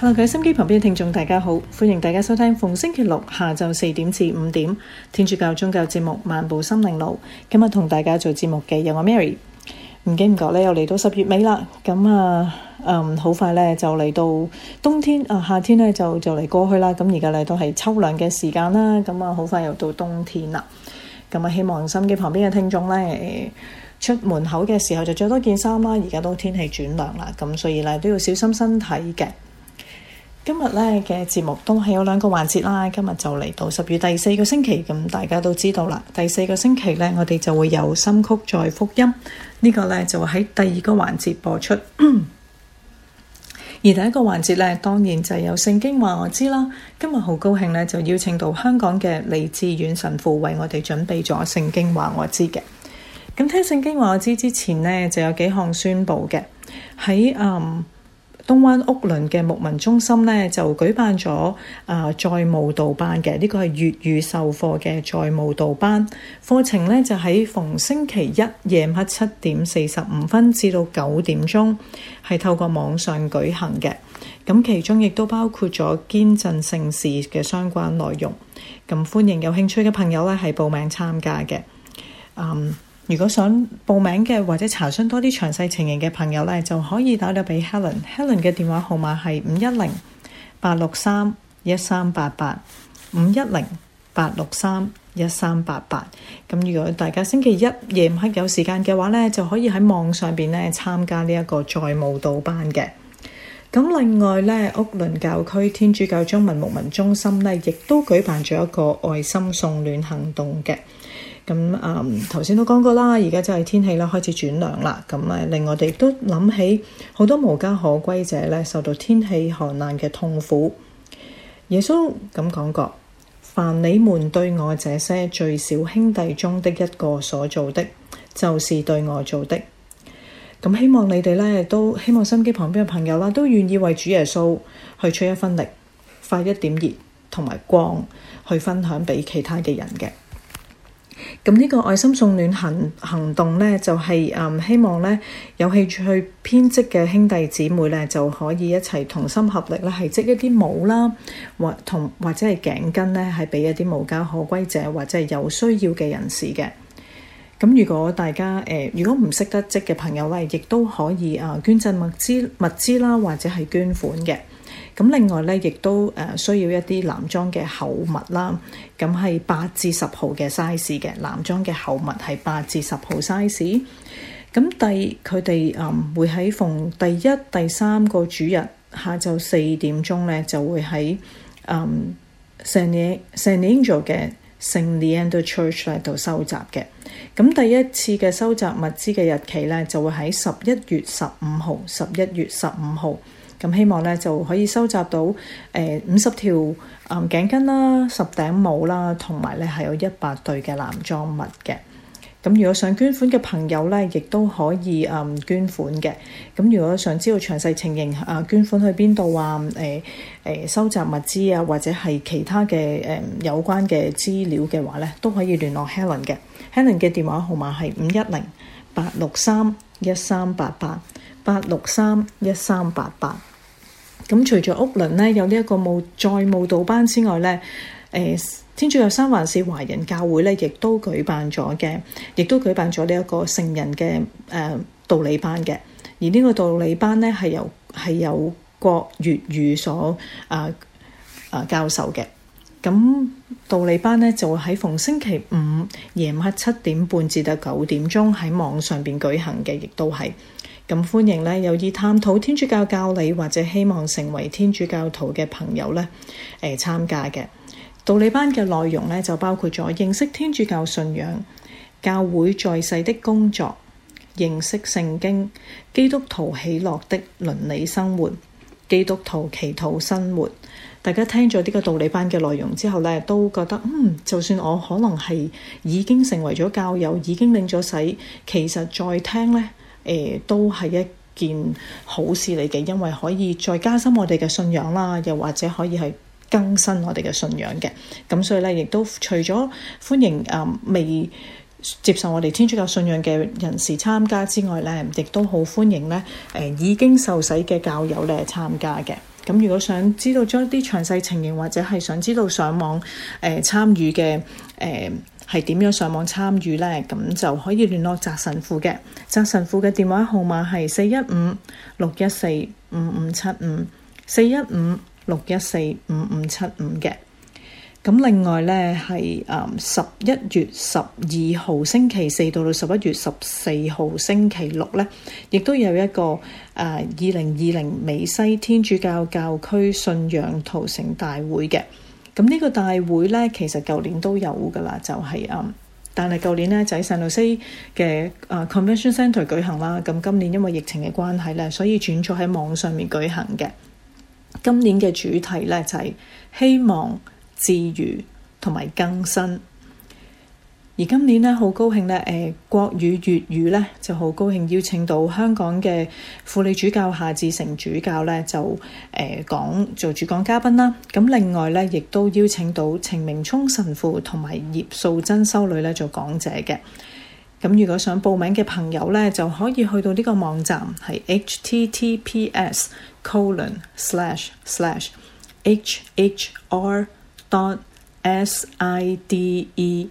Hello，各位收音機旁邊嘅聽眾，大家好，歡迎大家收聽逢星期六下晝四點至五點天主教宗教節目《漫步心靈路》。今日同大家做節目嘅有我 Mary。唔經唔覺咧，又嚟到十月尾啦。咁啊，嗯，好快咧就嚟到冬天啊，夏天咧就就嚟過去啦。咁而家嚟到係秋涼嘅時間啦。咁啊，好快又到冬天啦。咁啊，希望收音機旁邊嘅聽眾咧，出門口嘅時候就着多件衫啦。而家都天氣轉涼啦，咁所以咧都要小心身體嘅。今日咧嘅節目都係有兩個環節啦。今日就嚟到十月第四個星期，咁大家都知道啦。第四個星期咧，我哋就會有心曲再福音呢個咧，就喺第二個環節播出。而第一個環節咧，當然就係有聖經話我知啦。今日好高興咧，就邀請到香港嘅李志遠神父為我哋準備咗聖經話我知嘅。咁聽聖經話我知之前咧，就有幾項宣布嘅喺嗯。東灣屋倫嘅牧民中心呢，就舉辦咗啊再慕道班嘅。呢個係粵語授課嘅再慕道班課程呢，就喺逢星期一夜晚七點四十五分至到九點鐘，係透過網上舉行嘅。咁其中亦都包括咗堅振聖事嘅相關內容，咁歡迎有興趣嘅朋友呢係報名參加嘅，嗯。如果想報名嘅或者查詢多啲詳細情形嘅朋友呢，就可以打到畀 Helen，Helen 嘅電話號碼係五一零八六三一三八八五一零八六三一三八八。咁如果大家星期一夜晚黑有時間嘅話呢，就可以喺網上邊呢參加呢一個在舞蹈班嘅。咁另外呢，屋崙教區天主教中文牧民中心呢，亦都舉辦咗一個愛心送暖行動嘅。咁啊，頭先、嗯、都講過啦，而家真係天氣啦開始轉涼啦，咁、嗯、啊，令我哋都諗起好多無家可歸者咧，受到天氣寒冷嘅痛苦。耶穌咁講過：凡你們對我這些最小兄弟中的一個所做的，就是對我做的。咁、嗯、希望你哋咧，都希望身邊旁邊嘅朋友啦，都願意為主耶穌去出一分力，發一點熱同埋光，去分享俾其他嘅人嘅。咁呢個愛心送暖行行動呢，就係、是、誒、嗯，希望呢，有興趣編織嘅兄弟姊妹呢，就可以一齊同心合力呢，係織一啲帽啦，或同或者係頸巾呢，係畀一啲無家可歸者或者係有需要嘅人士嘅。咁如果大家誒、呃，如果唔識得織嘅朋友呢，亦都可以啊捐贈物資物資啦，或者係捐款嘅。咁另外咧，亦都誒需要一啲男裝嘅厚物啦。咁係八至十號嘅 size 嘅男裝嘅厚物，係八至十號 size。咁第佢哋誒會喺逢第一、第三個主日下晝四點鐘咧、嗯，就會喺 s 誒聖野聖 Angel 嘅聖 Leandro Church 咧度收集嘅。咁第一次嘅收集物資嘅日期咧，就會喺十一月十五號。十一月十五號。咁希望咧就可以收集到誒五十條誒頸巾啦，十頂帽啦，同埋咧係有一百對嘅男裝襪嘅。咁如果想捐款嘅朋友咧，亦都可以誒、嗯、捐款嘅。咁如果想知道詳細情形啊，捐款去邊度啊？誒、欸、誒、欸、收集物資啊，或者係其他嘅誒、嗯、有關嘅資料嘅話咧，都可以聯絡 Helen 嘅。Helen 嘅電話號碼係五一零八六三一三八八八六三一三八八。咁、嗯、除咗屋輪咧有呢一個慕再慕道班之外咧，誒、呃、天主教三藩市華人教會咧亦都舉辦咗嘅，亦都舉辦咗呢一個聖人嘅誒、呃、道理班嘅。而呢個道理班咧係由係由國粵語所啊啊教授嘅。咁、嗯、道理班咧就喺逢星期五夜晚七點半至到九點鐘喺網上邊舉行嘅，亦都係。咁歡迎咧，有意探討天主教教理或者希望成為天主教徒嘅朋友咧，誒、呃、參加嘅道理班嘅內容咧，就包括咗認識天主教信仰、教會在世的工作、認識聖經、基督徒喜樂的倫理生活、基督徒祈禱生活。大家聽咗呢個道理班嘅內容之後咧，都覺得嗯，就算我可能係已經成為咗教友，已經領咗洗，其實再聽咧。誒、呃、都係一件好事嚟嘅，因為可以再加深我哋嘅信仰啦，又或者可以係更新我哋嘅信仰嘅。咁所以咧，亦都除咗歡迎誒、呃、未接受我哋天主教信仰嘅人士參加之外咧，亦都好歡迎咧誒、呃、已經受洗嘅教友嚟參加嘅。咁如果想知道將一啲詳細情形，或者係想知道上網誒參與嘅誒。呃係點樣上網參與呢？咁就可以聯絡宅神父嘅，宅神父嘅電話號碼係四一五六一四五五七五四一五六一四五五七五嘅。咁另外呢，係十一月十二號星期四到到十一月十四號星期六呢，亦都有一個二零二零美西天主教教區信仰陶成大會嘅。咁呢個大會咧，其實舊年都有噶啦，就係、是、啊，但係舊年咧就喺聖荷西嘅啊 Convention Centre e 舉行啦。咁今年因為疫情嘅關係咧，所以轉咗喺網上面舉行嘅。今年嘅主題咧就係、是、希望治癒同埋更新。而今年呢，好高興呢。誒、呃、國語、粵語呢，就好高興邀請到香港嘅輔理主教夏志成主教呢，就誒、呃、講做主講嘉賓啦。咁另外呢，亦都邀請到程明聰神父同埋葉素珍修女呢做講者嘅。咁如果想報名嘅朋友呢，就可以去到呢個網站係 h t t p s colon slash slash h h r dot s i d e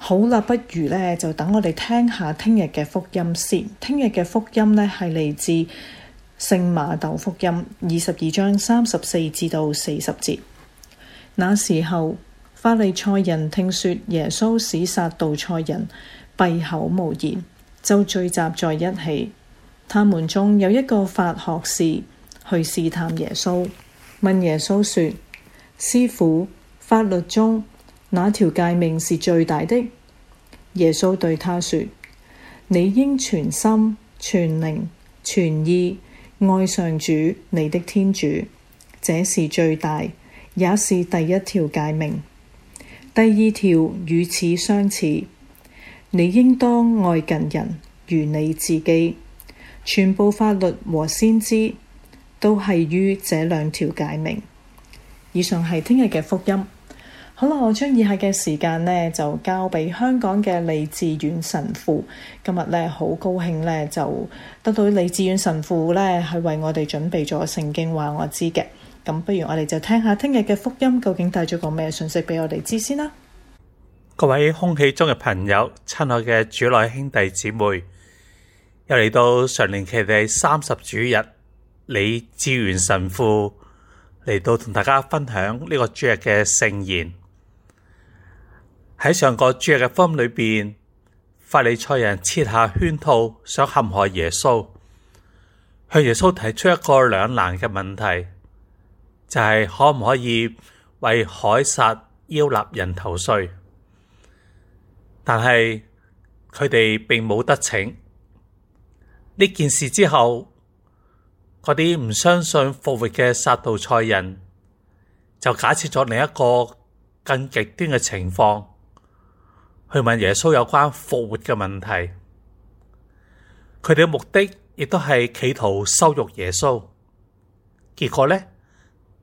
好啦，不如呢，就等我哋聽下聽日嘅福音先。聽日嘅福音呢，係嚟自聖瑪竇福音二十二章三十四至到四十節。那時候法利賽人聽說耶穌使撒杜塞人，閉口無言，就聚集在一起。他們中有一個法學士去試探耶穌，問耶穌說：師傅，法律中？哪條誡命是最大的？耶穌對他說：你應全心、全靈、全意愛上主你的天主，這是最大，也是第一條誡命。第二條與此相似，你應當愛近人如你自己。全部法律和先知都繫於這兩條誡命。以上係聽日嘅福音。好啦，我將以下嘅時間呢就交俾香港嘅李志遠神父。今日呢，好高興呢，就得到李志遠神父呢係為我哋準備咗聖經話我知嘅。咁不如我哋就聽下聽日嘅福音究竟帶咗個咩信息俾我哋知先啦。各位空氣中嘅朋友，親愛嘅主內兄弟姊妹，又嚟到常年期第三十主日，李志遠神父嚟到同大家分享呢個主日嘅聖言。喺上個主日嘅福音裏邊，法利賽人設下圈套，想陷害耶穌，向耶穌提出一個兩難嘅問題，就係、是、可唔可以為凱撒要納人頭稅？但係佢哋並冇得逞。呢件事之後，嗰啲唔相信復活嘅撒杜塞人就假設咗另一個更極端嘅情況。去問耶穌有關復活嘅問題，佢哋嘅目的亦都係企圖羞辱耶穌，結果咧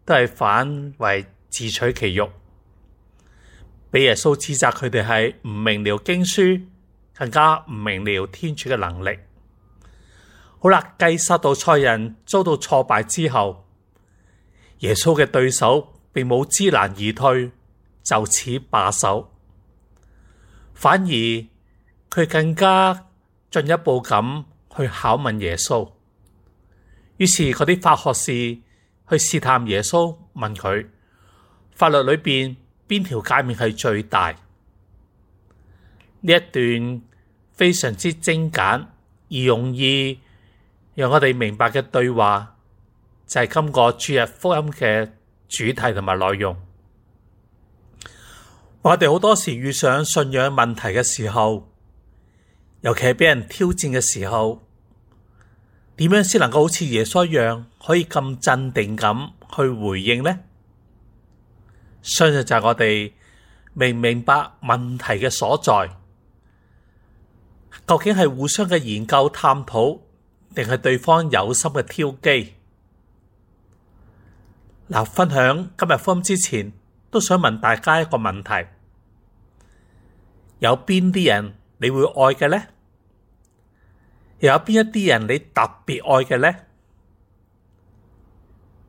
都係反為自取其辱，俾耶穌指責佢哋係唔明了經書，更加唔明了天主嘅能力。好啦，繼殺到塞人遭到挫敗之後，耶穌嘅對手並冇知難而退，就此罷手。反而佢更加進一步咁去考問耶穌，於是嗰啲法學士去試探耶穌，問佢法律裏邊邊條界面係最大？呢一段非常之精簡而容易讓我哋明白嘅對話，就係、是、今個主日福音嘅主題同埋內容。我哋好多時遇上信仰問題嘅時候，尤其係俾人挑戰嘅時候，點樣先能夠好似耶穌一樣，可以咁鎮定咁去回應呢？相信就係我哋明唔明白問題嘅所在，究竟係互相嘅研究探討，定係對方有心嘅挑機？嗱、呃，分享今日福音之前，都想問大家一個問題。有邊啲人你會愛嘅呢？又有邊一啲人你特別愛嘅呢？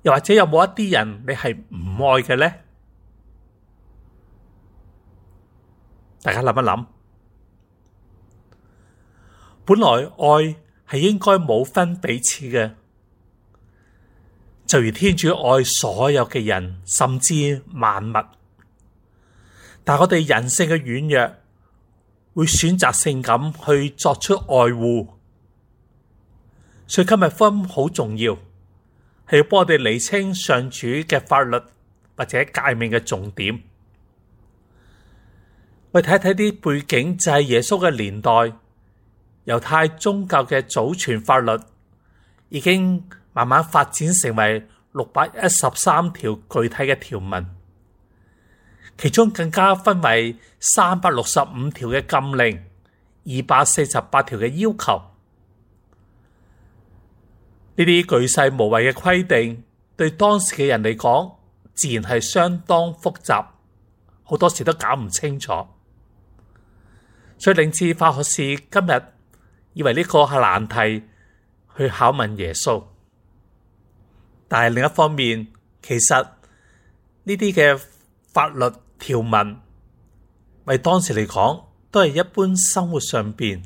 又或者有冇一啲人你係唔愛嘅呢？大家諗一諗。本來愛係應該冇分彼此嘅，就如天主愛所有嘅人，甚至萬物。但係我哋人性嘅軟弱。會選擇性咁去作出愛護，所以今日分好重要，係要幫我哋理清上主嘅法律或者誡命嘅重點。我哋睇睇啲背景，就係耶穌嘅年代，猶太宗教嘅祖傳法律已經慢慢發展成為六百一十三條具體嘅條文。其中更加分為三百六十五條嘅禁令，二百四十八條嘅要求，呢啲巨細無遺嘅規定，對當時嘅人嚟講，自然係相當複雜，好多時都搞唔清楚。所以令至法學士今日以為呢個係難題去考問耶穌，但係另一方面，其實呢啲嘅法律條文，為當時嚟講，都係一般生活上邊，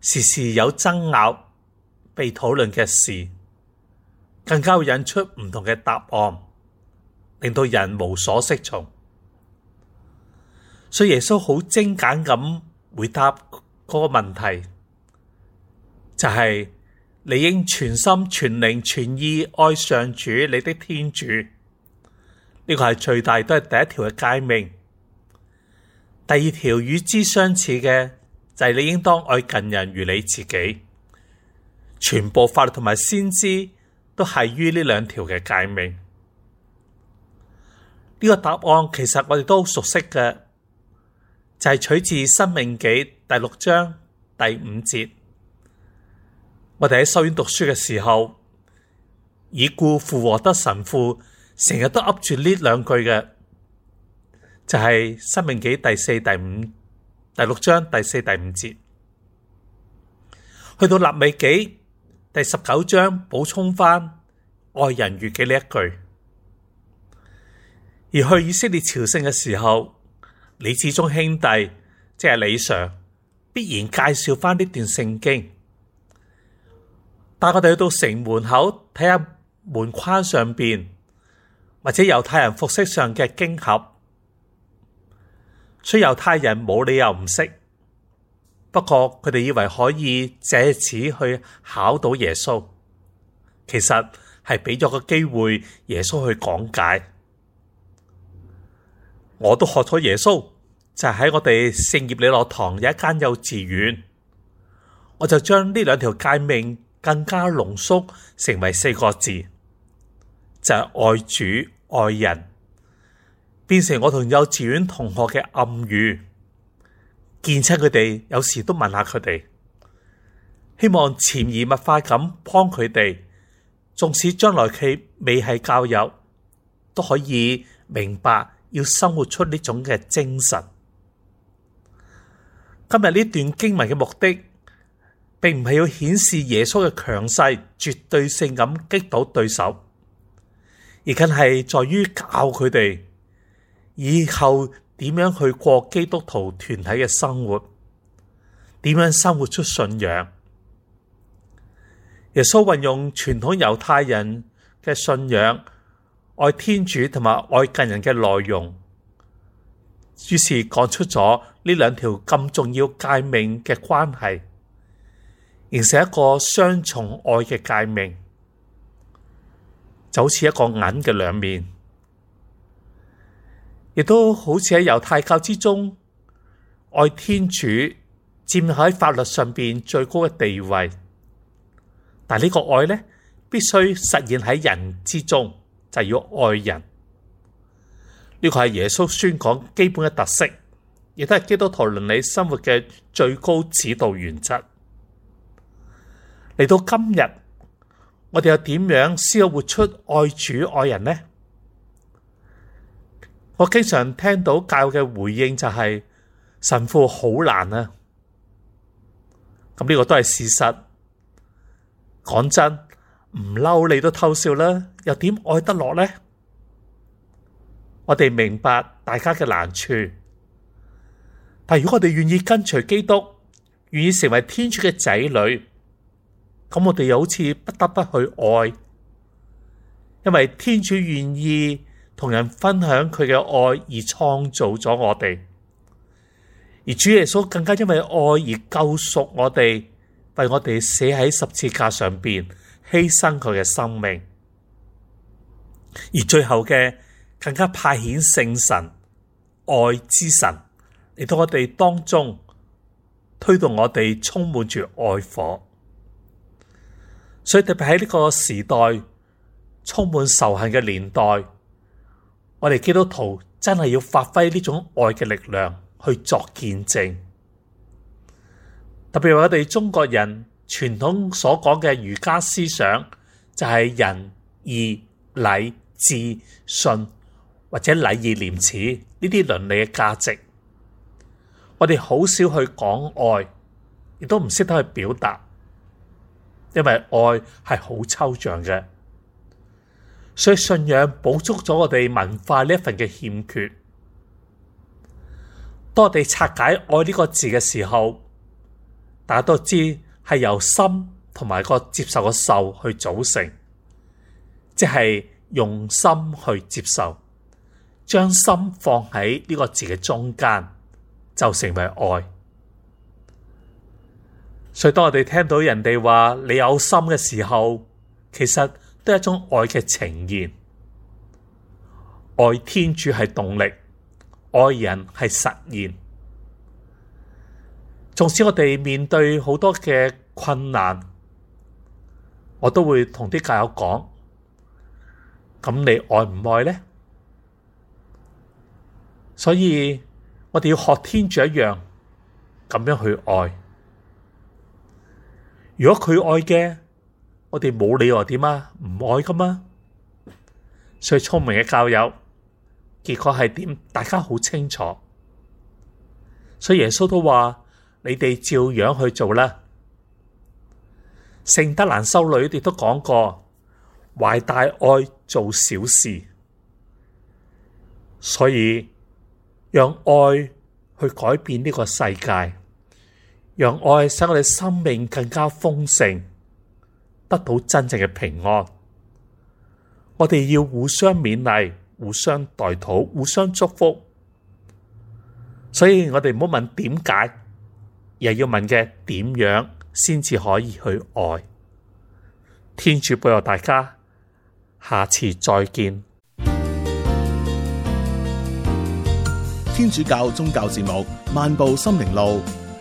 時時有爭拗被討論嘅事，更加會引出唔同嘅答案，令到人無所適從。所以耶穌好精簡咁回答嗰個問題，就係、是、你應全心、全靈、全意愛上主你的天主。呢個係最大，都係第一條嘅誡命，第二條與之相似嘅就係、是、你應當愛近人如你自己。全部法律同埋先知都係於呢兩條嘅誡命。呢、這個答案其實我哋都熟悉嘅，就係、是、取自《申命紀》第六章第五節。我哋喺修院讀書嘅時候，已故富沃德神父。成日都噏住呢兩句嘅就係、是《申命記》第四、第五、第六章第四、第五節，去到《利未記》第十九章補充翻愛人如己呢一句。而去以色列朝聖嘅時候，李志忠兄弟即係、就是、李 Sir 必然介紹翻呢段聖經。帶我哋去到城門口睇下門框上邊。或者猶太人服飾上嘅經合，雖猶太人冇理由唔識，不過佢哋以為可以借此去考到耶穌，其實係俾咗個機會耶穌去講解。我都學咗耶穌，就喺、是、我哋聖葉理諾堂有一間幼稚園，我就將呢兩條誡命更加濃縮，成為四個字，就係、是、愛主。愛人變成我同幼稚園同學嘅暗語，見親佢哋有時都問下佢哋，希望潛移默化咁幫佢哋，縱使將來佢未係教友，都可以明白要生活出呢種嘅精神。今日呢段經文嘅目的，並唔係要顯示耶穌嘅強勢絕對性咁擊倒對手。而更係在於教佢哋以後點樣去過基督徒團體嘅生活，點樣生活出信仰。耶穌運用傳統猶太人嘅信仰愛天主同埋愛近人嘅內容，於是講出咗呢兩條咁重要界命嘅關係，形成一個雙重愛嘅界命。就好似一個銀嘅兩面，亦都好似喺猶太教之中，愛天主佔喺法律上邊最高嘅地位。但呢個愛呢，必須實現喺人之中，就是、要愛人。呢個係耶穌宣講基本嘅特色，亦都係基督徒倫理生活嘅最高指導原則。嚟到今日。我哋又點樣先可活出愛主愛人呢？我經常聽到教嘅回應就係神父好難啊，咁呢個都係事實。講真，唔嬲，你都偷笑啦，又點愛得落呢？我哋明白大家嘅難處，但如果我哋願意跟隨基督，願意成為天主嘅仔女。咁我哋又好似不得不去愛，因為天主願意同人分享佢嘅愛而創造咗我哋，而主耶穌更加因為愛而救贖我哋，為我哋死喺十字架上面犧牲佢嘅生命，而最後嘅更加派遣聖神愛之神嚟到我哋當中，推動我哋充滿住愛火。所以特別喺呢個時代充滿仇恨嘅年代，我哋基督徒真係要發揮呢種愛嘅力量去作見證。特別我哋中國人傳統所講嘅儒家思想，就係仁義禮智信或者禮義廉恥呢啲倫理嘅價值。我哋好少去講愛，亦都唔識得去表達。因為愛係好抽象嘅，所以信仰補足咗我哋文化呢一份嘅欠缺。當我哋拆解愛呢個字嘅時候，大家都知係由心同埋個接受個受去組成，即係用心去接受，將心放喺呢個字嘅中間，就成為愛。所以當我哋聽到人哋話你有心嘅時候，其實都係一種愛嘅呈現。愛天主係動力，愛人係實現。縱使我哋面對好多嘅困難，我都會同啲教友講：咁你愛唔愛呢？所以我哋要學天主一樣，咁樣去愛。如果佢愛嘅，我哋冇理由點啊？唔愛噶嘛？所以聰明嘅教友，結果係點？大家好清楚。所以耶穌都話：你哋照樣去做啦。聖德蘭修女亦都講過，懷大愛做小事。所以讓愛去改變呢個世界。讓愛使我哋生命更加豐盛，得到真正嘅平安。我哋要互相勉勵，互相代禱，互相祝福。所以我哋唔好問點解，而係要問嘅點樣先至可以去愛。天主保佑大家，下次再見。天主教宗教節目《漫步心靈路》。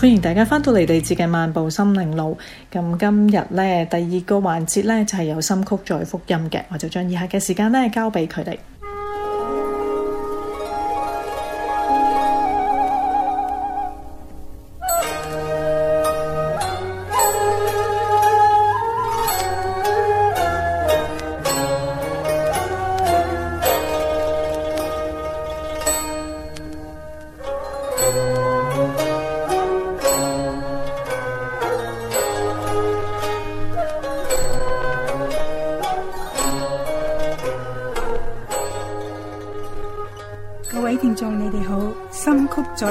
歡迎大家返到嚟地節嘅漫步森林路，咁今日咧第二個環節咧就係、是、有心曲在福音嘅，我就將以下嘅時間咧交畀佢哋。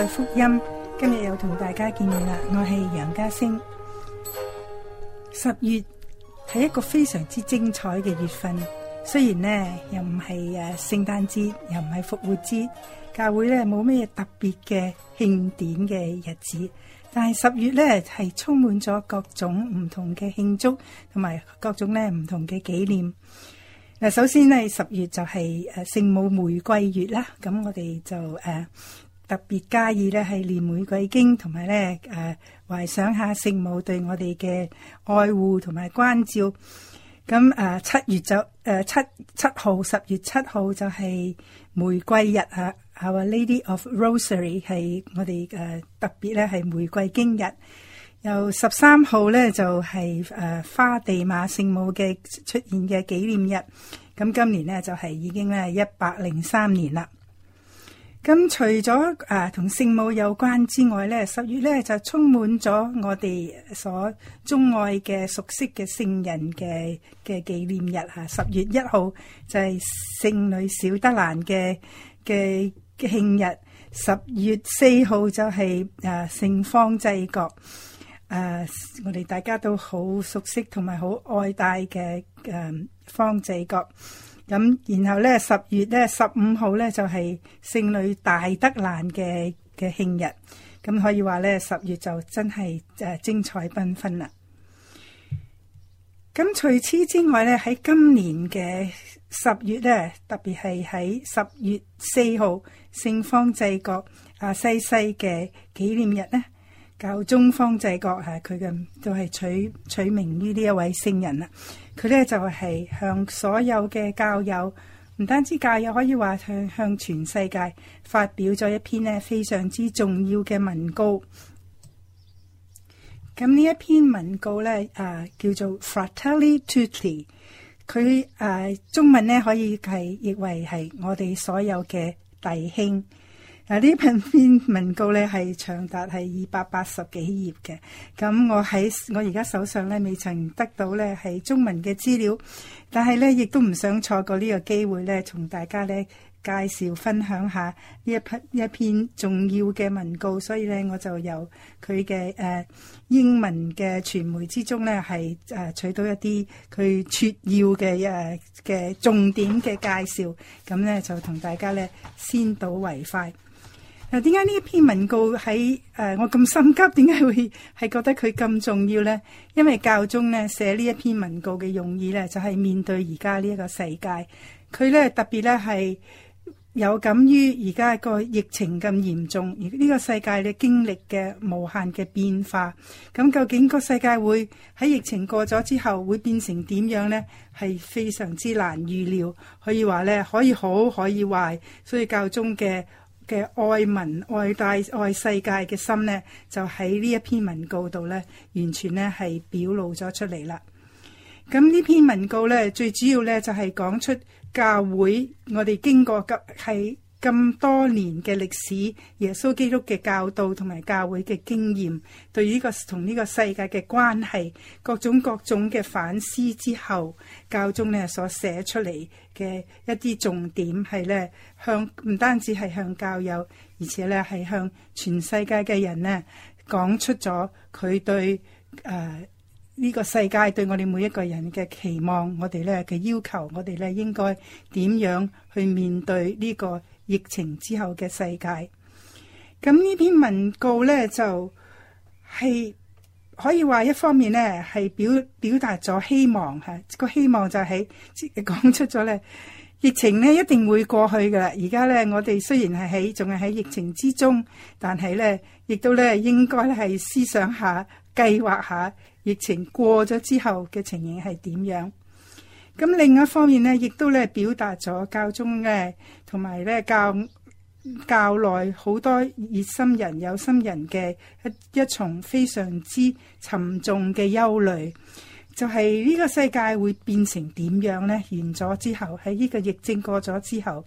福音今日又同大家見面啦，我係楊家星。十月係一個非常之精彩嘅月份，雖然呢又唔係誒聖誕節，又唔係復活節，教會呢冇咩特別嘅慶典嘅日子，但係十月呢係充滿咗各種唔同嘅慶祝，同埋各種呢唔同嘅紀念。嗱，首先呢十月就係誒聖母玫瑰月啦，咁我哋就誒。特別加意咧係念玫瑰經同埋咧誒，懷、呃、想下聖母對我哋嘅愛護同埋關照。咁誒七月就誒七七號十月七號就係玫瑰日啊，係話 Lady of Rosary 係我哋誒、呃、特別咧係玫瑰經日。又十三號咧就係、是、誒、呃、花地瑪聖母嘅出現嘅紀念日。咁今年咧就係、是、已經咧一百零三年啦。咁、嗯、除咗啊同聖母有關之外咧，十月咧就充滿咗我哋所鍾愛嘅熟悉嘅聖人嘅嘅紀念日嚇、啊。十月一號就係、是、聖女小德蘭嘅嘅慶日，十月四號就係、是、啊聖方濟各，啊我哋大家都好熟悉同埋好愛戴嘅誒、啊、方濟各。咁，然後咧，十月咧，十五號咧就係、是、聖女大德蘭嘅嘅慶日，咁可以話咧，十月就真係誒、啊、精彩繽紛啦。咁除此之外咧，喺今年嘅十月咧，特別係喺十月四號聖方濟各阿西西嘅紀念日咧，教宗方濟各啊，佢嘅都係取取名於呢一位聖人啦。佢咧就係、是、向所有嘅教友，唔單止教友，可以話向向全世界發表咗一篇咧非常之重要嘅文告。咁呢一篇文告咧，啊叫做 Fratelli Tutti，佢啊中文咧可以係譯為係我哋所有嘅弟兄。嗱，呢篇文告咧係長達係二百八十幾頁嘅，咁我喺我而家手上咧未曾得到咧係中文嘅資料，但係咧亦都唔想錯過呢個機會咧，同大家咧介紹分享下呢一篇一篇重要嘅文告。所以咧我就由佢嘅誒英文嘅傳媒之中咧係誒取到一啲佢撮要嘅誒嘅重點嘅介紹，咁咧就同大家咧先睹為快。嗱，點解呢一篇文告喺誒、呃、我咁心急？點解會係覺得佢咁重要呢？因為教宗咧寫呢一篇文告嘅用意咧，就係、是、面對而家呢一個世界，佢咧特別咧係有感於而家個疫情咁嚴重，而、這、呢個世界嘅經歷嘅無限嘅變化。咁究竟個世界會喺疫情過咗之後會變成點樣呢？係非常之難預料。可以話咧，可以好，可以壞。所以教宗嘅。嘅愛民、愛大、愛世界嘅心呢，就喺呢一篇文告度呢，完全呢係表露咗出嚟啦。咁呢篇文告呢，最主要呢，就係講出教會我哋經過急喺。咁多年嘅歷史，耶穌基督嘅教導同埋教會嘅經驗，對於呢個同呢個世界嘅關係，各種各種嘅反思之後，教宗呢所寫出嚟嘅一啲重點係呢，向唔單止係向教友，而且呢係向全世界嘅人呢講出咗佢對誒呢個世界對我哋每一個人嘅期望，我哋呢嘅要求，我哋呢應該點樣去面對呢個疫情之後嘅世界，咁呢篇文告呢，就係可以話一方面呢係表表達咗希望吓，個希望就喺、是、講出咗呢，疫情呢一定會過去噶啦。而家呢，我哋雖然係喺仲係喺疫情之中，但係呢亦都呢應該係思想下、計劃下，疫情過咗之後嘅情形，係點樣？咁另一方面呢，亦都咧表達咗教宗咧，同埋咧教教內好多熱心人、有心人嘅一一重非常之沉重嘅憂慮，就係呢個世界會變成點樣呢？完咗之後，喺呢個疫症過咗之後。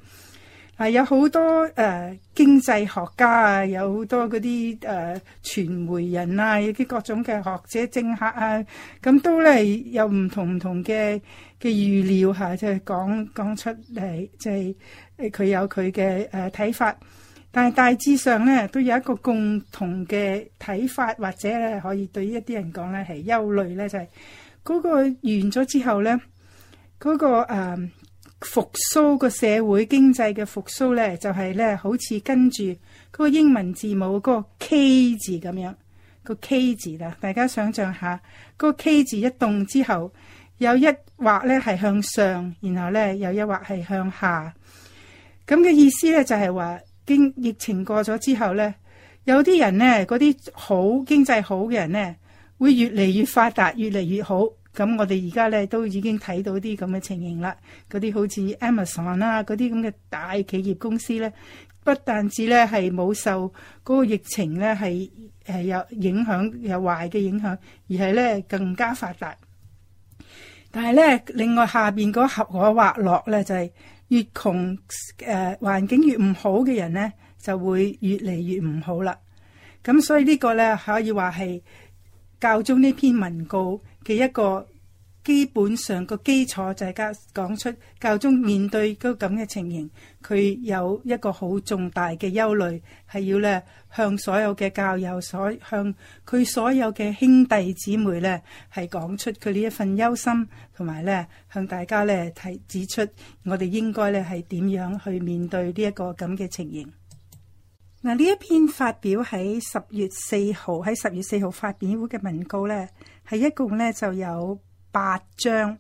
係有好多誒經濟學家啊，有好多嗰啲誒傳媒人啊，有啲各種嘅學者、政客啊，咁都咧有唔同唔同嘅嘅預料嚇，就係講講出嚟，就係誒佢有佢嘅誒睇法。但係大致上咧，都有一個共同嘅睇法，或者咧可以對一啲人講咧係憂慮咧，就係嗰個完咗之後咧，嗰個誒。復蘇，個社會經濟嘅復蘇呢，就係呢，好似跟住嗰個英文字母嗰個 K 字咁樣，個 K 字啦。大家想象下，嗰個 K 字一動之後，有一畫呢係向上，然後呢，有一畫係向下。咁嘅意思呢，就係話經疫情過咗之後呢，有啲人呢，嗰啲好經濟好嘅人呢，會越嚟越發達，越嚟越好。咁我哋而家咧都已經睇到啲咁嘅情形啦。嗰啲好似 Amazon 啦、啊，嗰啲咁嘅大企業公司咧，不但止咧係冇受嗰個疫情咧係誒有影響有壞嘅影響，而係咧更加發達。但係咧，另外下邊嗰個合我滑落咧，就係、是、越窮誒、呃、環境越唔好嘅人咧，就會越嚟越唔好啦。咁所以個呢個咧可以話係教宗呢篇文告。嘅一個基本上個基礎就係，家講出教宗面對嗰個咁嘅情形，佢有一個好重大嘅憂慮，係要咧向所有嘅教友所向佢所有嘅兄弟姊妹咧，係講出佢呢一份憂心，同埋咧向大家咧提指出我，我哋應該咧係點樣去面對呢、這、一個咁嘅情形。嗱，呢一篇發表喺十月四號，喺十月四號發表會嘅文告咧。係一共咧就有八章，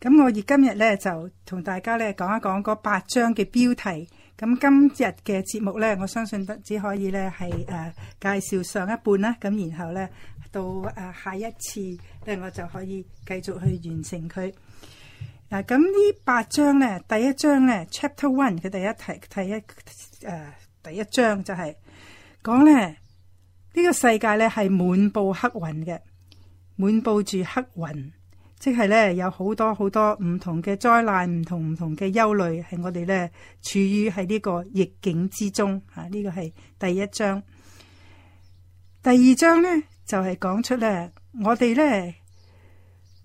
咁我而今日咧就同大家咧講一講嗰八章嘅標題。咁今日嘅節目咧，我相信得只可以咧係誒介紹上一半啦。咁然後咧到誒、啊、下一次咧，我就可以繼續去完成佢。嗱，咁呢八章咧，第一章咧 Chapter One 嘅第一題第一誒第、啊、第一章就係、是、講咧呢、呢個世界咧係滿布黑雲嘅。滿佈住黑雲，即係咧有好多好多唔同嘅災難，唔同唔同嘅憂慮，係我哋咧處於喺呢個逆境之中。啊，呢個係第一章。第二章咧就係講出咧，我哋咧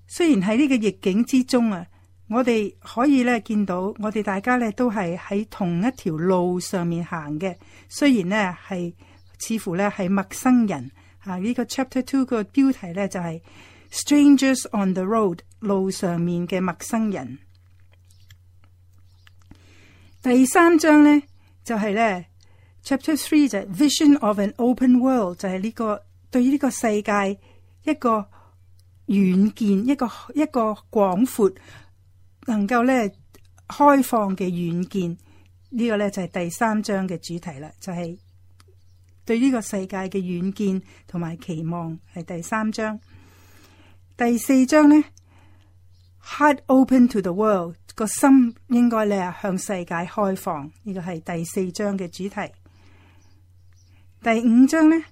雖然喺呢個逆境之中啊，我哋可以咧見到我哋大家咧都係喺同一條路上面行嘅，雖然咧係似乎咧係陌生人。啊！呢、這個 Chapter Two 個標題咧就係、是《Strangers on the Road》路上面嘅陌生人。第三章咧就係、是、咧 Chapter Three 就係《Vision of an Open World、這個》，就係呢個對於呢個世界一個遠見，一個一個廣闊能夠咧開放嘅遠見。這個、呢個咧就係、是、第三章嘅主題啦，就係、是。對呢個世界嘅遠見同埋期望係第三章，第四章咧，heart open to the world 個心應該咧向世界開放，呢、呢個係第四章嘅主題。第五章咧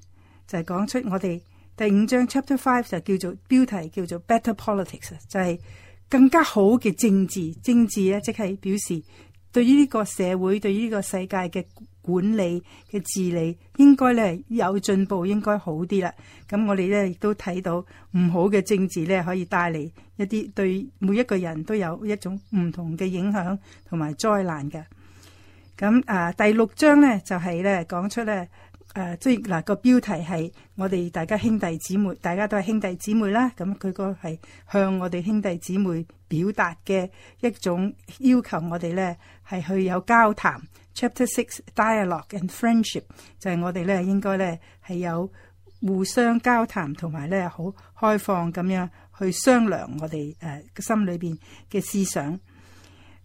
就係、是、講出我哋第五章 chapter five 就叫做標題叫做 better politics，就係更加好嘅政治，政治咧即係表示對於呢個社會，對於呢個世界嘅。管理嘅治理應該咧有進步，應該好啲啦。咁我哋咧亦都睇到唔好嘅政治咧，可以帶嚟一啲對每一個人都有一種唔同嘅影響同埋災難嘅。咁啊，第六章咧就係咧講出咧誒，即係嗱個標題係我哋大家兄弟姊妹，大家都係兄弟姊妹啦。咁佢個係向我哋兄弟姊妹表達嘅一種要求，我哋咧係去有交談。Chapter six Dialogue and Friendship 就係我哋咧應該咧係有互相交談，同埋咧好開放咁樣去商量我哋誒、呃、心裏邊嘅思想。誒、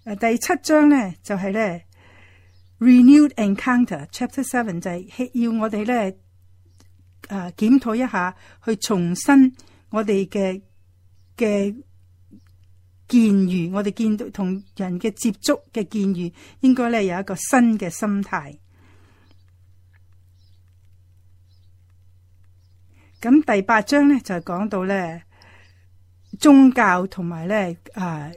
呃、第七章咧就係、是、咧 Renewed Encounter Chapter seven 就係要我哋咧誒檢討一下去重新我哋嘅嘅。建議，我哋見到同人嘅接觸嘅建議，應該咧有一個新嘅心態。咁第八章咧就係講到咧宗教同埋咧啊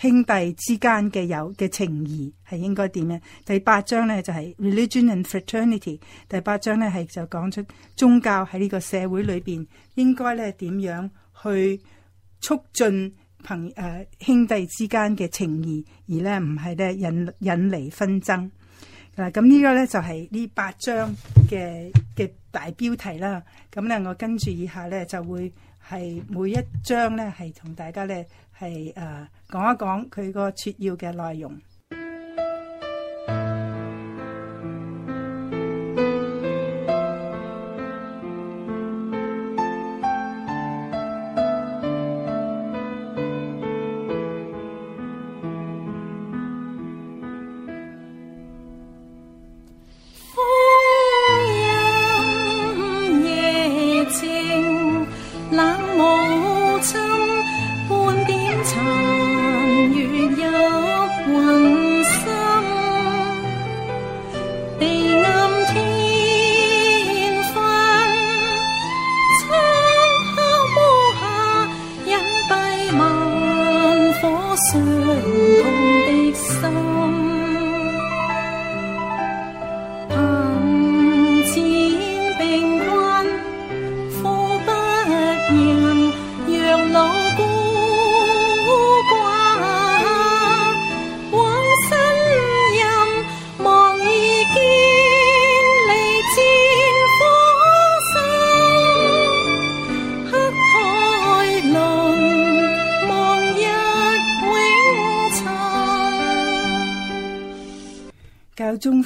兄弟之間嘅有嘅情誼係應該點樣？第八章咧就係、是、Religion and Fraternity。第八章咧係就講出宗教喺呢個社會裏邊應該咧點樣去促進。朋誒、啊、兄弟之間嘅情義，而咧唔係咧引引嚟紛爭嗱。咁、啊這個、呢個咧就係呢八章嘅嘅大標題啦。咁、啊、咧我跟住以下咧就會係每一章咧係同大家咧係誒講一講佢個主要嘅內容。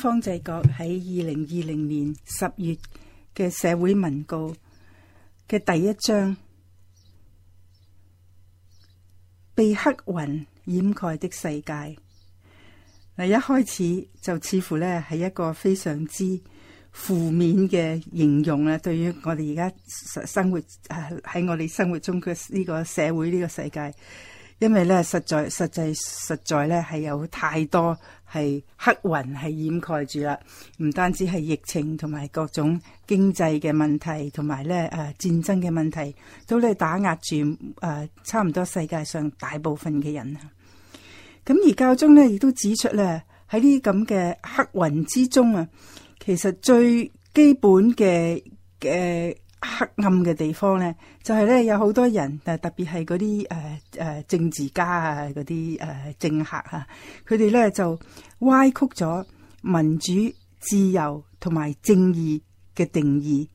方濟各喺二零二零年十月嘅社會文告嘅第一章，被黑雲掩蓋的世界，嗱一開始就似乎咧係一個非常之負面嘅形容啦，對於我哋而家生活喺我哋生活中嘅呢個社會呢個世界。因為咧，實在、實際、實在咧，係有太多係黑雲係掩蓋住啦。唔單止係疫情同埋各種經濟嘅問題，同埋咧誒戰爭嘅問題，都咧打壓住誒差唔多世界上大部分嘅人啊。咁而教宗咧亦都指出咧，喺呢咁嘅黑雲之中啊，其實最基本嘅嘅。呃黑暗嘅地方咧，就係、是、咧有好多人誒，特別係嗰啲誒誒政治家啊，嗰啲誒政客啊，佢哋咧就歪曲咗民主、自由同埋正義嘅定義。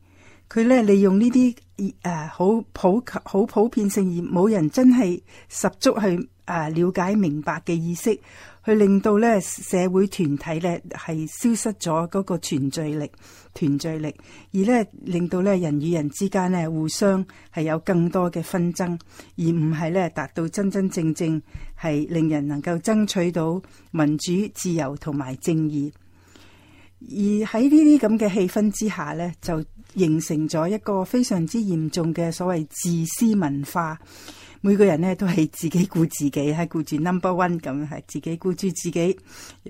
佢咧利用呢啲誒好普及、好普遍性而冇人真係十足去。啊！了解明白嘅意識，去令到咧社會團體咧係消失咗嗰個團聚力、團聚力，而呢，令到咧人與人之間呢互相係有更多嘅紛爭，而唔係咧達到真真正正係令人能夠爭取到民主、自由同埋正義。而喺呢啲咁嘅氣氛之下呢，就形成咗一個非常之嚴重嘅所謂自私文化。每個人咧都係自己顧自己，係顧住 number one 咁，係自己顧住自己，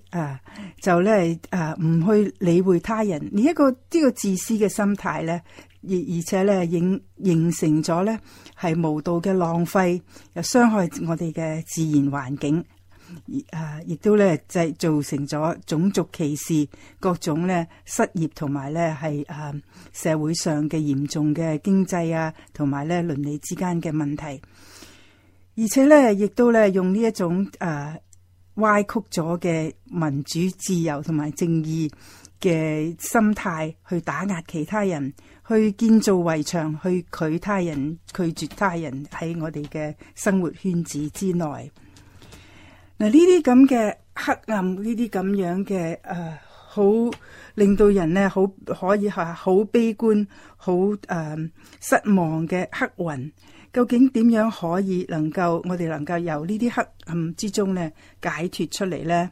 啊就咧啊唔去理會他人。而、呢、一個呢、呢個自私嘅心態咧，而而且咧形形成咗咧係無度嘅浪費，又傷害我哋嘅自然環境，啊亦都咧就造成咗種族歧視、各種咧失業同埋咧係啊社會上嘅嚴重嘅經濟啊，同埋咧倫理之間嘅問題。而且咧，亦都咧用呢一種誒、呃、歪曲咗嘅民主、自由同埋正義嘅心態去打壓其他人，去建造圍牆，去拒他人、拒絕他人喺我哋嘅生活圈子之內。嗱、呃，呢啲咁嘅黑暗，呢啲咁樣嘅誒，好、呃、令到人呢，好可以吓好悲觀、好誒、呃、失望嘅黑雲。究竟點樣可以能夠我哋能夠由呢啲黑暗之中咧解脫出嚟呢？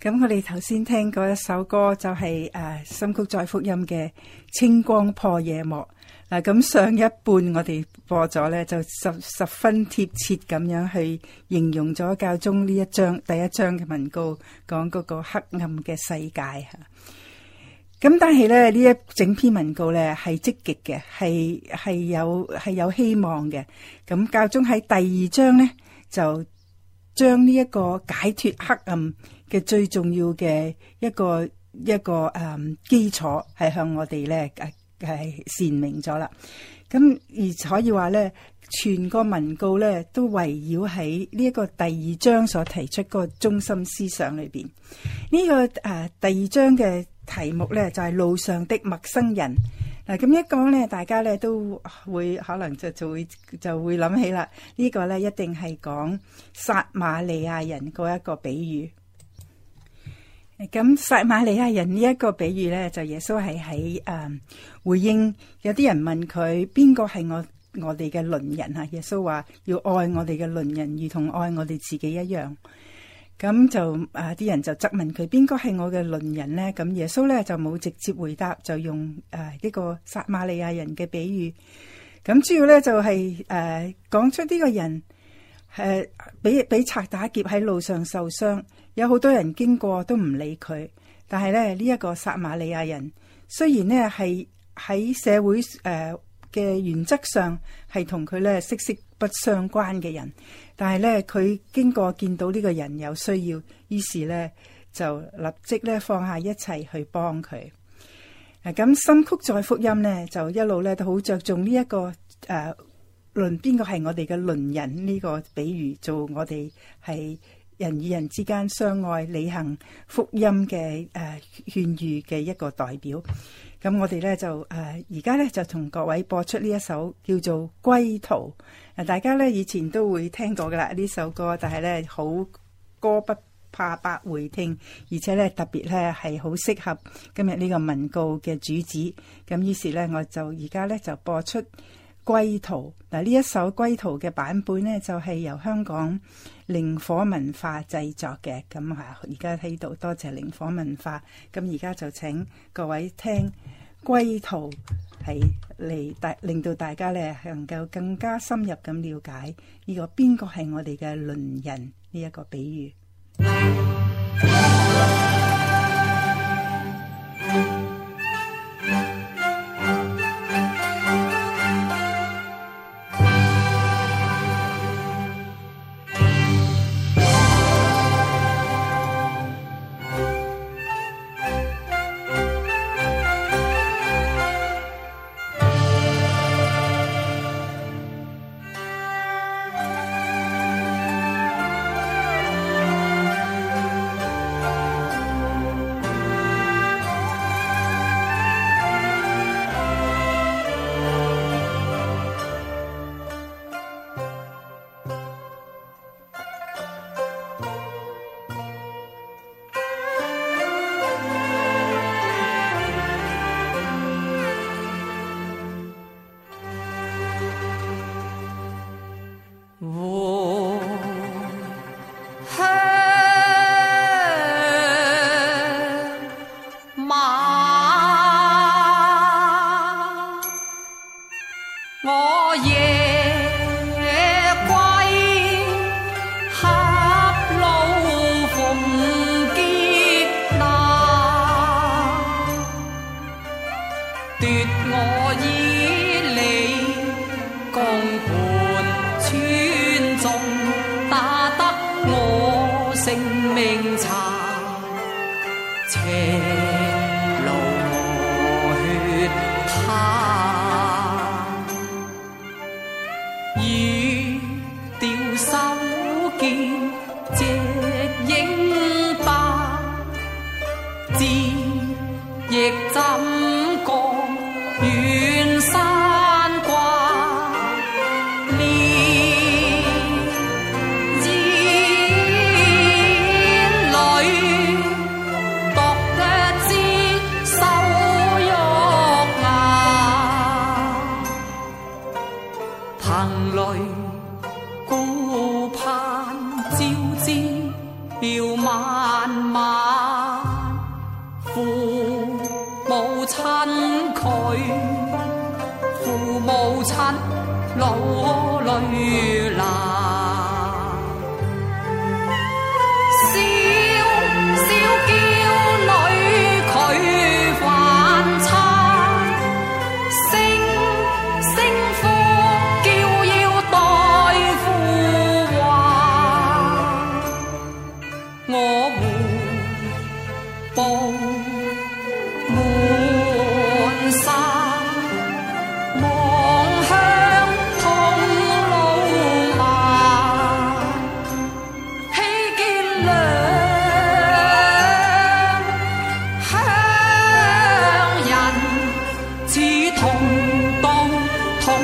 咁我哋頭先聽過一首歌，就係誒、啊《深曲再福音》嘅《青光破夜幕》嗱。咁上一半我哋播咗呢，就十十分貼切咁樣去形容咗教宗呢一章第一章嘅文告，講嗰個黑暗嘅世界吓。咁但係咧，呢一整篇文告咧係積極嘅，係係有係有希望嘅。咁教宗喺第二章咧就將呢一個解脫黑暗嘅最重要嘅一個一個誒、嗯、基礎係向我哋咧誒誒闡明咗啦。咁而可以話咧，全個文告咧都圍繞喺呢一個第二章所提出嗰個中心思想裏邊。呢、這個誒、啊、第二章嘅題目呢就係、是、路上的陌生人嗱，咁一講呢，大家呢都會可能就就會就會諗起啦。呢、這個呢，一定係講撒瑪利亞人嗰一個比喻。咁撒瑪利亞人呢一個比喻呢，就耶穌係喺誒回應有啲人問佢邊個係我我哋嘅鄰人啊？耶穌話要愛我哋嘅鄰人，如同愛我哋自己一樣。咁就啊，啲人就質問佢邊個係我嘅鄰人呢？咁、嗯、耶穌咧就冇直接回答，就用誒呢、啊這個撒瑪利亞人嘅比喻。咁、啊、主要咧就係誒講出呢個人誒俾俾賊打劫喺路上受傷，有好多人經過都唔理佢，但係咧呢一、這個撒瑪利亞人，雖然咧係喺社會誒嘅、啊、原則上係同佢咧息息不相關嘅人。但係咧，佢經過見到呢個人有需要，於是咧就立即咧放下一切去幫佢。咁、啊、新曲在福音咧，就一路咧都好着重呢、這、一個誒，論、啊、邊個係我哋嘅鄰人呢、這個比喻，做我哋係人與人之間相愛、履行福音嘅誒勸喻嘅一個代表，咁我哋呢，就誒而家呢，就同各位播出呢一首叫做《歸途》，大家呢，以前都會聽過㗎喇呢首歌，但係呢，好歌不怕百回聽，而且呢，特別呢係好適合今日呢個文告嘅主旨，咁於是呢，我就而家呢，就播出。歸途嗱，呢一首歸途嘅版本呢，就係由香港靈火文化製作嘅，咁啊，而家喺度多謝靈火文化，咁而家就請各位聽歸途，係嚟大令到大家咧，能夠更加深入咁了解呢個邊個係我哋嘅鄰人呢一個比喻。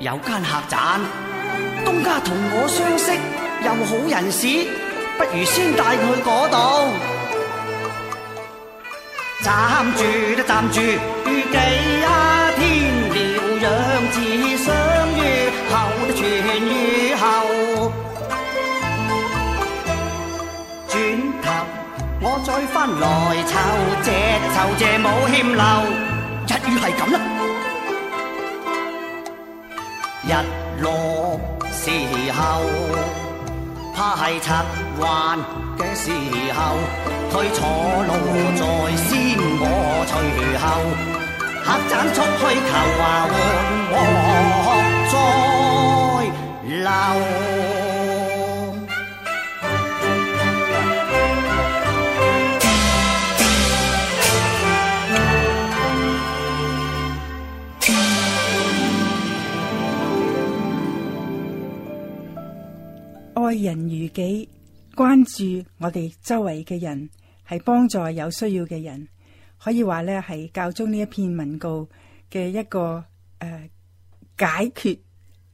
有間客棧，東家同我相識，又好人士，不如先帶佢去嗰度。暫住都暫住幾啊天了，養子相約後都傳於後。轉頭我再翻來酬謝，酬謝冇欠漏。一於係咁啦。日落時候，怕係拆還嘅時候，佢錯路在先，我隨後，客棧出去求話我，我再留。為人如己，關注我哋周圍嘅人，係幫助有需要嘅人，可以話咧係教宗呢一篇文告嘅一個誒、呃、解決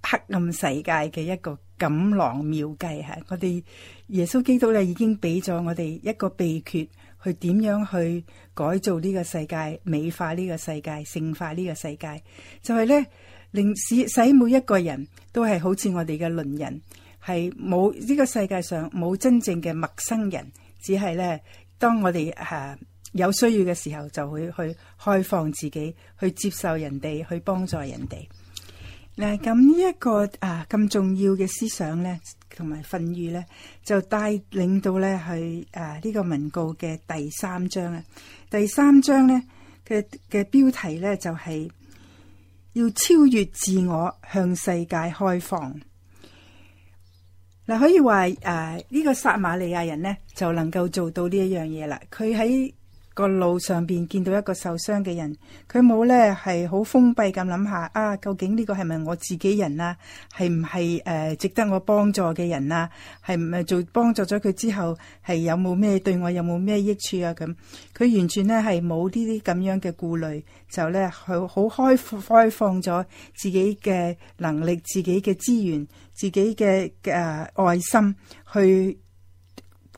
黑暗世界嘅一個錦囊妙計吓。我哋耶穌基督咧已經俾咗我哋一個秘訣，去點樣去改造呢個世界，美化呢個世界，聖化呢個世界，就係咧令使每一個人都係好似我哋嘅鄰人。係冇，呢個世界上冇真正嘅陌生人，只係咧當我哋誒、啊、有需要嘅時候，就會去開放自己，去接受人哋，去幫助人哋。嗱，咁呢一個啊咁重要嘅思想咧，同埋訓諭咧，就帶領到咧去誒呢、啊這個文告嘅第三章啦。第三章咧佢嘅標題咧就係、是、要超越自我，向世界開放。嗱，可以話誒，呢個撒瑪利亞人呢，就能夠做到呢一樣嘢啦。佢喺個路上邊見到一個受傷嘅人，佢冇呢係好封閉咁諗下啊，究竟呢個係咪我自己人啊？係唔係誒值得我幫助嘅人啊？係唔係做幫助咗佢之後，係有冇咩對我有冇咩益處啊？咁佢完全呢係冇呢啲咁樣嘅顧慮，就呢，好好開開放咗自己嘅能力、自己嘅資源。自己嘅嘅、呃、愛心去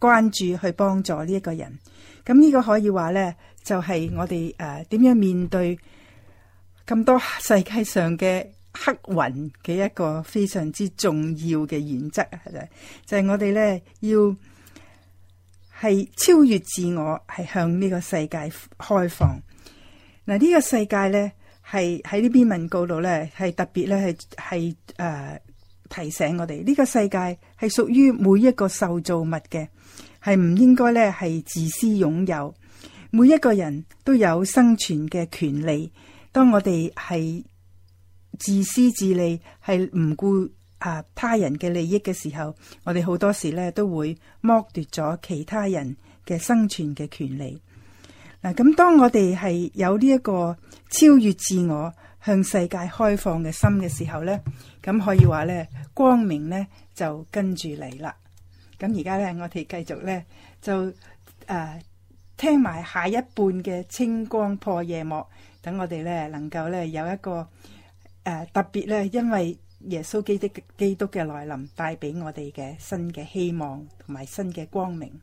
關注去幫助呢一個人，咁呢個可以話咧，就係、係、我哋誒點樣面對咁多世界上嘅黑雲嘅一個非常之重要嘅原則啊！就就係、係我哋咧要係超越自我，係向呢個世界開放嗱。呢、呃這個世界咧係喺呢邊文告度咧係特別咧係係誒。提醒我哋，呢、這個世界係屬於每一個受造物嘅，係唔應該咧係自私擁有。每一個人都有生存嘅權利。當我哋係自私自利，係唔顧啊他人嘅利益嘅時候，我哋好多時咧都會剝奪咗其他人嘅生存嘅權利。嗱、啊，咁當我哋係有呢一個超越自我向世界開放嘅心嘅時候咧。咁可以話呢，光明呢就跟住嚟啦。咁而家呢，我哋繼續呢，就誒、呃、聽埋下一半嘅清光破夜幕，等我哋呢，能夠呢有一個誒、呃、特別呢，因為耶穌基督基督嘅來臨帶俾我哋嘅新嘅希望同埋新嘅光明。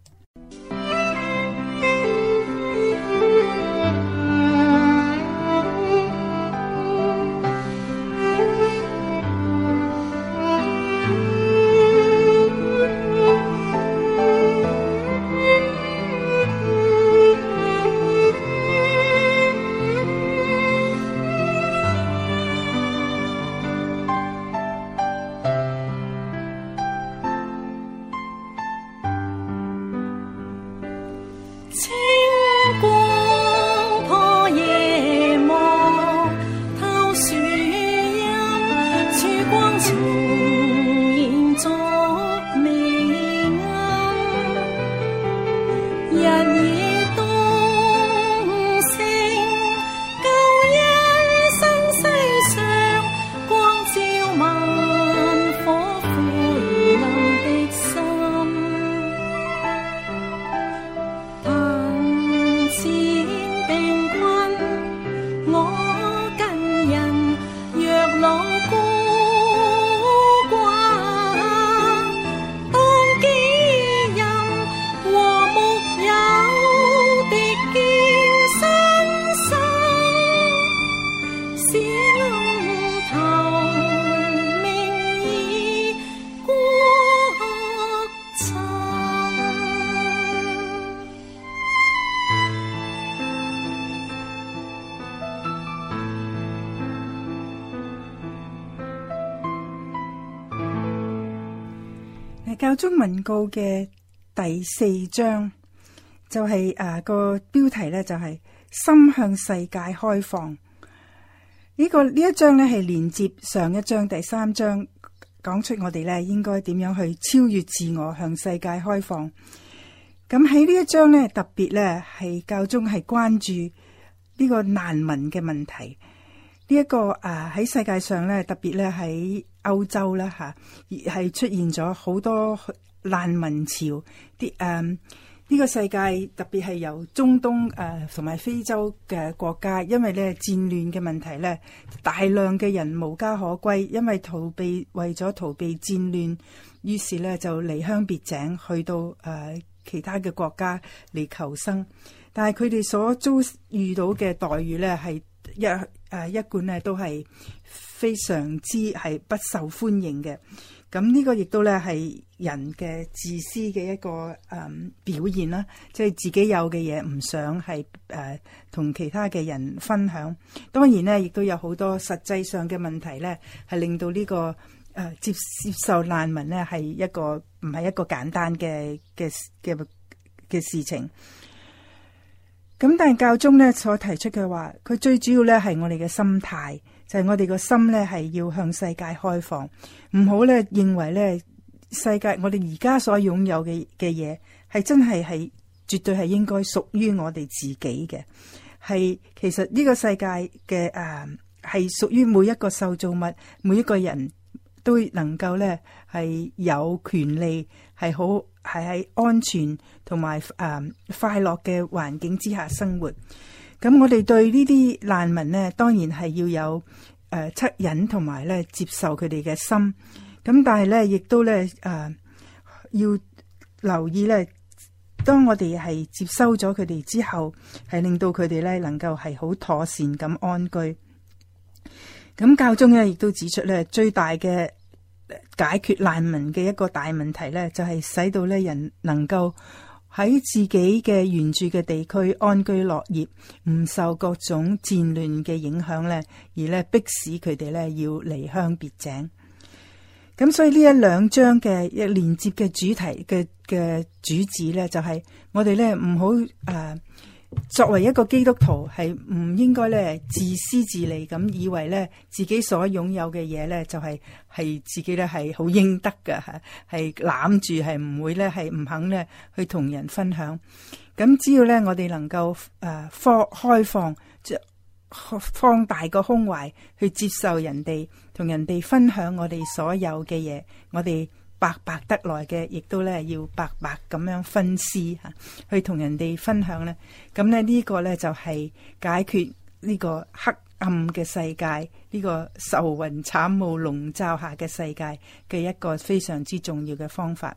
中文告嘅第四章就係、是、誒、啊、個標題呢就係、是、心向世界開放呢，這個呢一章呢係連接上一章，第三章講出我哋呢應該點樣去超越自我向世界開放，咁喺呢一章呢，特別呢係教宗係關注呢個難民嘅問題。呢一、這個啊喺世界上咧，特別咧喺歐洲啦吓，而、啊、係出現咗好多難民潮。啲誒呢個世界特別係由中東誒同埋非洲嘅國家，因為咧戰亂嘅問題咧，大量嘅人無家可歸，因為逃避為咗逃避戰亂，於是咧就離鄉別井，去到誒、啊、其他嘅國家嚟求生。但係佢哋所遭遇到嘅待遇咧，係一。誒一貫咧都係非常之係不受歡迎嘅，咁呢個亦都咧係人嘅自私嘅一個誒表現啦，即係自己有嘅嘢唔想係誒同其他嘅人分享。當然咧，亦都有好多實際上嘅問題咧，係令到呢個誒接接受難民咧，係一個唔係一個簡單嘅嘅嘅嘅事情。咁但係教宗咧所提出嘅話，佢最主要咧係我哋嘅心態，就係、是、我哋個心咧係要向世界開放，唔好咧認為咧世界我哋而家所擁有嘅嘅嘢係真係係絕對係應該屬於我哋自己嘅，係其實呢個世界嘅誒係屬於每一個受造物，每一個人都能夠咧係有權利係好。係喺安全同埋誒快樂嘅環境之下生活，咁我哋對呢啲難民呢，當然係要有誒惻隱同埋咧接受佢哋嘅心，咁但係咧亦都咧誒、呃、要留意咧，當我哋係接收咗佢哋之後，係令到佢哋咧能夠係好妥善咁安居。咁教宗呢，亦都指出咧，最大嘅。解決難民嘅一個大問題咧，就係、是、使到咧人能夠喺自己嘅原住嘅地區安居樂業，唔受各種戰亂嘅影響咧，而咧迫使佢哋咧要離鄉別井。咁所以呢一兩章嘅一連接嘅主題嘅嘅主旨咧，就係我哋咧唔好誒。作為一個基督徒，係唔應該咧自私自利咁，以為咧自己所擁有嘅嘢咧就係、是、係自己咧係好應得噶吓，係攬住係唔會咧係唔肯咧去同人分享。咁只要咧我哋能夠誒放、啊、開放，即放大個胸懷去接受人哋，同人哋分享我哋所有嘅嘢，我哋。白白得來嘅，亦都咧要白白咁樣分施吓，去同人哋分享咧。咁咧呢個咧就係解決呢個黑暗嘅世界，呢、呢個愁雲慘霧籠罩下嘅世界嘅一個非常之重要嘅方法。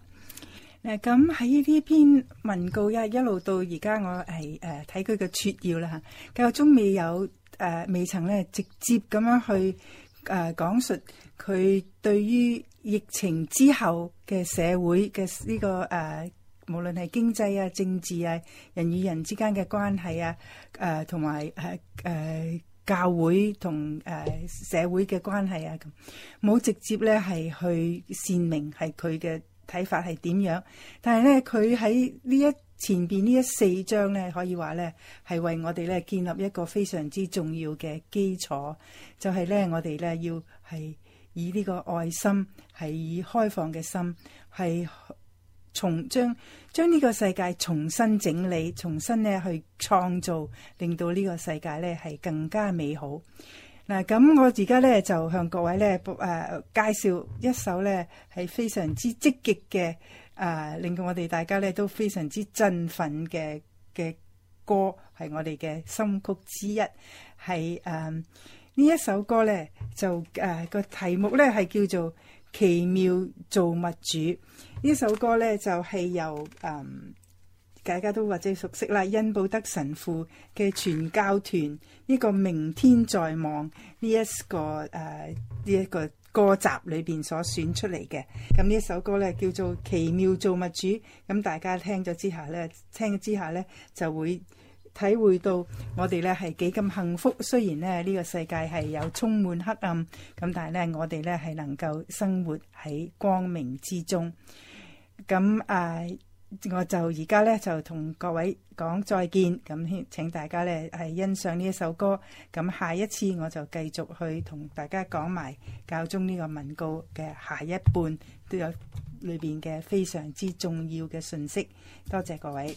嗱，咁喺呢篇文告一一路到而家，我係誒睇佢嘅摘要啦吓，教、啊、中、啊、未有誒、啊、未曾咧直接咁樣去。誒講、呃、述佢對於疫情之後嘅社會嘅呢、這個誒、呃、無論係經濟啊、政治啊、人與人之間嘅關係啊，誒同埋誒誒教會同誒、呃、社會嘅關係啊，咁冇直接咧係去闡明係佢嘅睇法係點樣，但係咧佢喺呢一前邊呢一四章呢，可以話呢係為我哋呢建立一個非常之重要嘅基礎，就係呢，我哋呢要係以呢個愛心，係以開放嘅心，係從將將呢個世界重新整理，重新呢去創造，令到呢個世界呢係更加美好。嗱，咁我而家呢就向各位呢誒介紹一首呢係非常之積極嘅。啊，uh, 令到我哋大家咧都非常之振奮嘅嘅歌，係我哋嘅心曲之一。係誒呢一首歌咧，就誒個、uh, 題目咧係叫做《奇妙造物主》。呢首歌咧就係、是、由誒、um, 大家都或者熟悉啦，恩保德神父嘅傳教團呢、這個明天在望呢一個誒呢一個。Uh, 這個歌集裏邊所選出嚟嘅，咁呢一首歌咧叫做《奇妙造物主》，咁大家聽咗之下咧，聽咗之下咧，就會體會到我哋咧係幾咁幸福。雖然咧呢個世界係有充滿黑暗，咁但係咧我哋咧係能夠生活喺光明之中。咁啊。我就而家咧就同各位講再見，咁請大家咧係欣賞呢一首歌。咁下一次我就繼續去同大家講埋教宗呢個文告嘅下一半，都有裏邊嘅非常之重要嘅信息。多謝各位。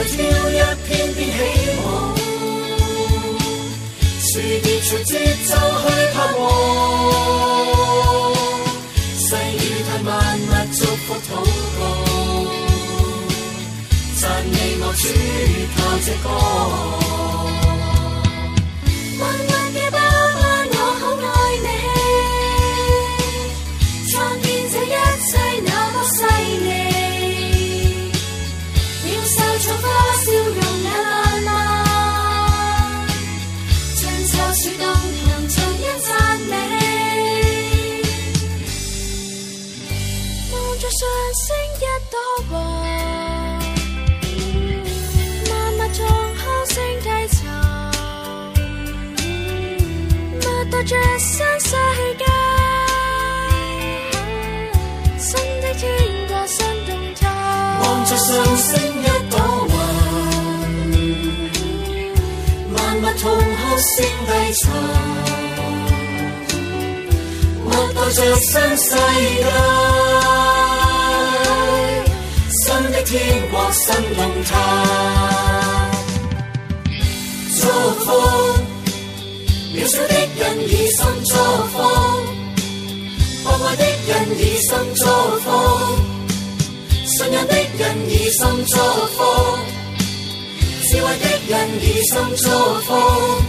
再跳一片片起舞，樹葉隨節奏去拍和，細雨帶萬物祝福禱告，讚美我主唱這歌。聲低沉，我待着新世界，新的天國心動態。祝福渺小的人以心祝福，博愛的人以心祝福，信任的人以心祝福，智慧的人以心祝福。